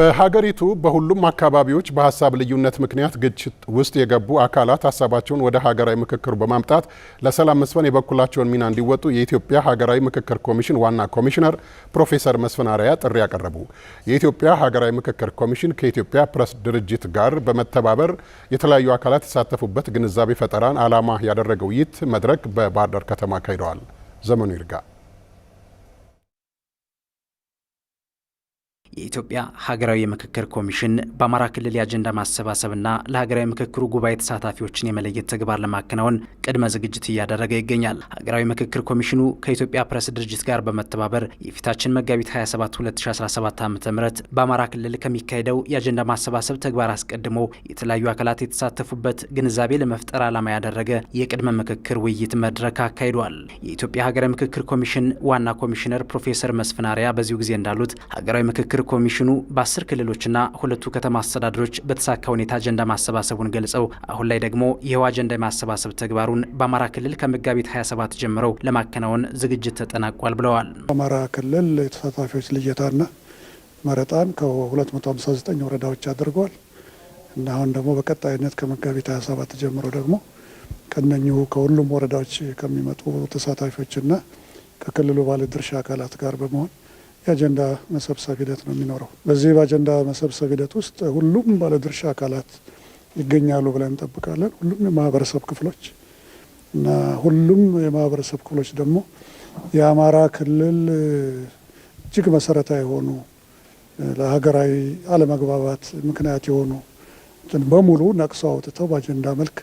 በሀገሪቱ በሁሉም አካባቢዎች በሀሳብ ልዩነት ምክንያት ግጭት ውስጥ የገቡ አካላት ሀሳባቸውን ወደ ሀገራዊ ምክክር በማምጣት ለሰላም መስፈን የበኩላቸውን ሚና እንዲወጡ የኢትዮጵያ ሀገራዊ ምክክር ኮሚሽን ዋና ኮሚሽነር ፕሮፌሰር መስፍን አርአያ ጥሪ አቀረቡ። የኢትዮጵያ ሀገራዊ ምክክር ኮሚሽን ከኢትዮጵያ ፕረስ ድርጅት ጋር በመተባበር የተለያዩ አካላት የተሳተፉበት ግንዛቤ ፈጠራን ዓላማ ያደረገ ውይይት መድረክ በባህር ዳር ከተማ አካሂደዋል። ዘመኑ ይርጋ የኢትዮጵያ ሀገራዊ የምክክር ኮሚሽን በአማራ ክልል የአጀንዳ ማሰባሰብና ለሀገራዊ ምክክሩ ጉባኤ ተሳታፊዎችን የመለየት ተግባር ለማከናወን ቅድመ ዝግጅት እያደረገ ይገኛል። ሀገራዊ ምክክር ኮሚሽኑ ከኢትዮጵያ ፕሬስ ድርጅት ጋር በመተባበር የፊታችን መጋቢት 27 2017 ዓ ም በአማራ ክልል ከሚካሄደው የአጀንዳ ማሰባሰብ ተግባር አስቀድሞ የተለያዩ አካላት የተሳተፉበት ግንዛቤ ለመፍጠር ዓላማ ያደረገ የቅድመ ምክክር ውይይት መድረክ አካሂዷል። የኢትዮጵያ ሀገራዊ ምክክር ኮሚሽን ዋና ኮሚሽነር ፕሮፌሰር መስፍን አርአያ በዚሁ ጊዜ እንዳሉት ሀገራዊ ምክክር ምክክር ኮሚሽኑ በአስር ክልሎችና ሁለቱ ከተማ አስተዳደሮች በተሳካ ሁኔታ አጀንዳ ማሰባሰቡን ገልጸው አሁን ላይ ደግሞ ይኸው አጀንዳ የማሰባሰብ ተግባሩን በአማራ ክልል ከመጋቢት 27 ጀምረው ለማከናወን ዝግጅት ተጠናቋል ብለዋል። በአማራ ክልል የተሳታፊዎች ልየታና መረጣን ከ259 ወረዳዎች አድርገዋል እና አሁን ደግሞ በቀጣይነት ከመጋቢት 27 ጀምሮ ደግሞ ከነኚሁ ከሁሉም ወረዳዎች ከሚመጡ ተሳታፊዎችና ከክልሉ ባለድርሻ አካላት ጋር በመሆን የአጀንዳ መሰብሰብ ሂደት ነው የሚኖረው። በዚህ በአጀንዳ መሰብሰብ ሂደት ውስጥ ሁሉም ባለድርሻ አካላት ይገኛሉ ብለን እንጠብቃለን። ሁሉም የማህበረሰብ ክፍሎች እና ሁሉም የማህበረሰብ ክፍሎች ደግሞ የአማራ ክልል እጅግ መሰረታዊ የሆኑ ለሀገራዊ አለመግባባት ምክንያት የሆኑ በሙሉ ነቅሰው አውጥተው በአጀንዳ መልክ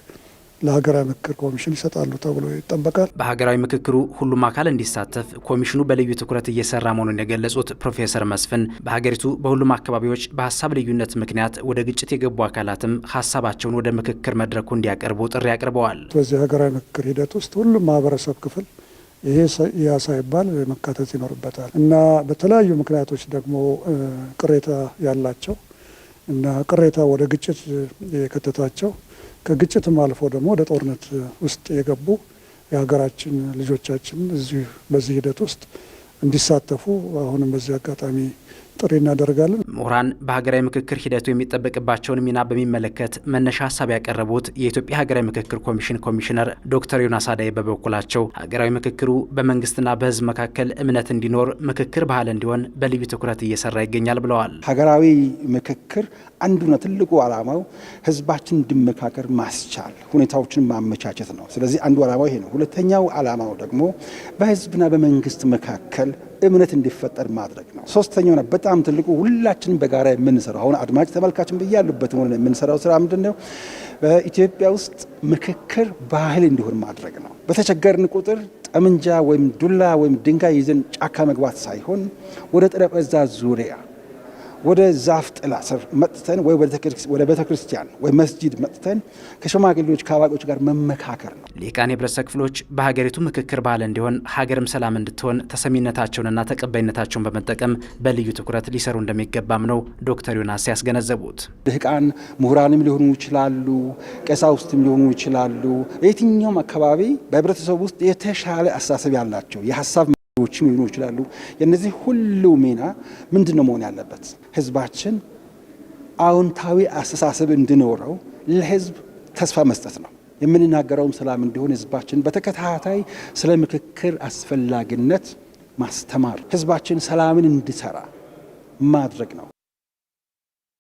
ለሀገራዊ ምክክር ኮሚሽን ይሰጣሉ ተብሎ ይጠበቃል። በሀገራዊ ምክክሩ ሁሉም አካል እንዲሳተፍ ኮሚሽኑ በልዩ ትኩረት እየሰራ መሆኑን የገለጹት ፕሮፌሰር መስፍን በሀገሪቱ በሁሉም አካባቢዎች በሀሳብ ልዩነት ምክንያት ወደ ግጭት የገቡ አካላትም ሀሳባቸውን ወደ ምክክር መድረኩ እንዲያቀርቡ ጥሪ አቅርበዋል። በዚህ ሀገራዊ ምክክር ሂደት ውስጥ ሁሉም ማህበረሰብ ክፍል ይሄ ያ ሳይባል መካተት ይኖርበታል እና በተለያዩ ምክንያቶች ደግሞ ቅሬታ ያላቸው እና ቅሬታ ወደ ግጭት የከተታቸው ከግጭትም አልፎ ደግሞ ወደ ጦርነት ውስጥ የገቡ የሀገራችን ልጆቻችን እዚሁ በዚህ ሂደት ውስጥ እንዲሳተፉ አሁንም በዚህ አጋጣሚ ጥሪ እናደርጋለን። ምሁራን በሀገራዊ ምክክር ሂደቱ የሚጠበቅባቸውን ሚና በሚመለከት መነሻ ሀሳብ ያቀረቡት የኢትዮጵያ ሀገራዊ ምክክር ኮሚሽን ኮሚሽነር ዶክተር ዮናስ አዳይ በበኩላቸው ሀገራዊ ምክክሩ በመንግስትና በህዝብ መካከል እምነት እንዲኖር ምክክር ባህል እንዲሆን በልዩ ትኩረት እየሰራ ይገኛል ብለዋል። ሀገራዊ ምክክር አንዱና ትልቁ ዓላማው ህዝባችን እንዲመካከር ማስቻል፣ ሁኔታዎችን ማመቻቸት ነው። ስለዚህ አንዱ ዓላማው ይሄ ነው። ሁለተኛው ዓላማው ደግሞ በህዝብና በመንግስት መካከል እምነት እንዲፈጠር ማድረግ ነው። ሶስተኛውና በጣም ትልቁ ሁላችንም በጋራ የምንሰራው አሁን አድማጭ ተመልካችን ብያሉበት ሆነ የምንሰራው ስራ ምንድን ነው? በኢትዮጵያ ውስጥ ምክክር ባህል እንዲሆን ማድረግ ነው። በተቸገርን ቁጥር ጠመንጃ ወይም ዱላ ወይም ድንጋይ ይዘን ጫካ መግባት ሳይሆን ወደ ጠረጴዛ ዙሪያ ወደ ዛፍ ጥላ ስር መጥተን ወይ ወደ ቤተ ክርስቲያን ወይ መስጂድ መጥተን ከሽማግሌዎች ከአዋቂዎች ጋር መመካከር ነው። ሊቃን የህብረተሰብ ክፍሎች በሀገሪቱ ምክክር ባህል እንዲሆን ሀገርም ሰላም እንድትሆን ተሰሚነታቸውንና ተቀባይነታቸውን በመጠቀም በልዩ ትኩረት ሊሰሩ እንደሚገባም ነው ዶክተር ዮናስ ያስገነዘቡት። ድህቃን ምሁራንም ሊሆኑ ይችላሉ፣ ቀሳውስትም ሊሆኑ ይችላሉ። የትኛውም አካባቢ በህብረተሰብ ውስጥ የተሻለ አስተሳሰብ ያላቸው የሀሳብ ፕሮግራሞችም ሊሆኑ ይችላሉ። የነዚህ ሁሉ ሚና ምንድን ነው መሆን ያለበት? ህዝባችን አዎንታዊ አስተሳሰብ እንዲኖረው ለህዝብ ተስፋ መስጠት ነው። የምንናገረውም ሰላም እንዲሆን ህዝባችን በተከታታይ ስለ ምክክር አስፈላጊነት ማስተማር፣ ህዝባችን ሰላምን እንዲሰራ ማድረግ ነው።